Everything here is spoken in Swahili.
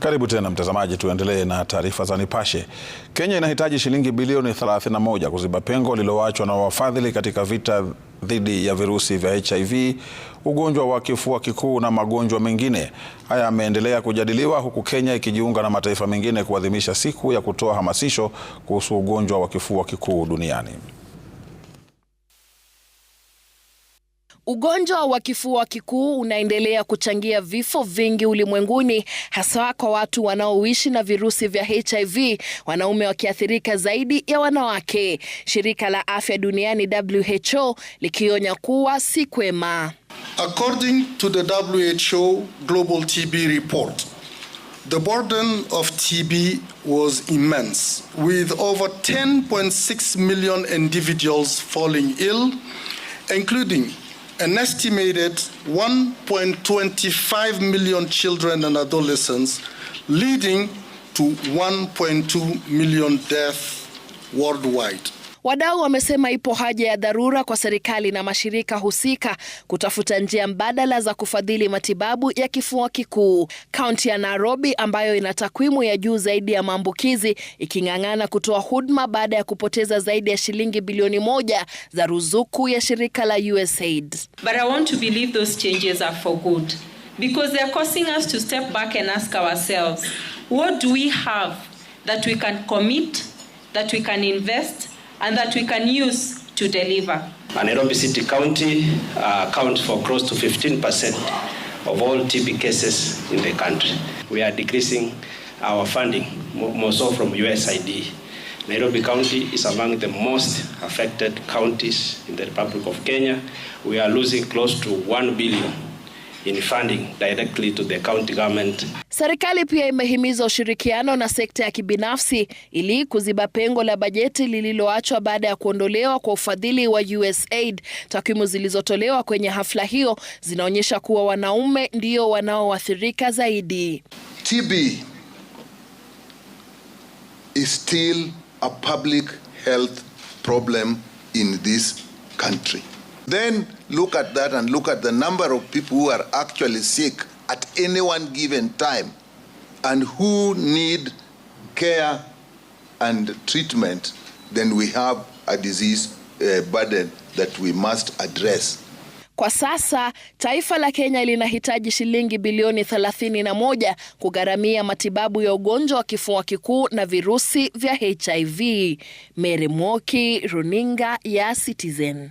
Karibu tena mtazamaji, tuendelee na taarifa za Nipashe. Kenya inahitaji shilingi bilioni 31 kuziba pengo lililoachwa na wafadhili katika vita dhidi ya virusi vya HIV, ugonjwa wa kifua kikuu na magonjwa mengine. Haya yameendelea kujadiliwa huku Kenya ikijiunga na mataifa mengine kuadhimisha siku ya kutoa hamasisho kuhusu ugonjwa wa kifua kikuu duniani. Ugonjwa wa kifua kikuu unaendelea kuchangia vifo vingi ulimwenguni, hasa kwa watu wanaoishi na virusi vya HIV, wanaume wakiathirika zaidi ya wanawake, shirika la afya duniani WHO likionya kuwa si kwema. According to the WHO Global TB report, the burden of TB was immense, with over 10.6 million individuals falling ill, including an estimated 1.25 million children and adolescents, leading to 1.2 million deaths worldwide. Wadau wamesema ipo haja ya dharura kwa serikali na mashirika husika kutafuta njia mbadala za kufadhili matibabu ya kifua kikuu. Kaunti ya Nairobi ambayo ina takwimu ya juu zaidi ya maambukizi iking'ang'ana kutoa huduma baada ya kupoteza zaidi ya shilingi bilioni moja za ruzuku ya shirika la USAID. But I want to believe those changes are for good because they are causing us to step back and ask ourselves, what do we have that we can commit, that we can invest and that we can use to deliver. Nairobi City County uh, accounts for close to 15% of all TB cases in the country. We are decreasing our funding, more so from USID. Nairobi County is among the most affected counties in the Republic of Kenya. We are losing close to 1 billion in funding directly to the county government. Serikali pia imehimiza ushirikiano na sekta ya kibinafsi ili kuziba pengo la bajeti lililoachwa baada ya kuondolewa kwa ufadhili wa USAID. Takwimu zilizotolewa kwenye hafla hiyo zinaonyesha kuwa wanaume ndio wanaoathirika zaidi. TB is still a public health problem in this country. Then look at that and look at the number of people who are actually sick at any one given time and who need care and treatment, then we have a disease uh, burden that we must address. Kwa sasa taifa la Kenya linahitaji shilingi bilioni 31 kugharamia matibabu ya ugonjwa wa kifua kikuu na virusi vya HIV. Mary Mwoki, Runinga ya Citizen.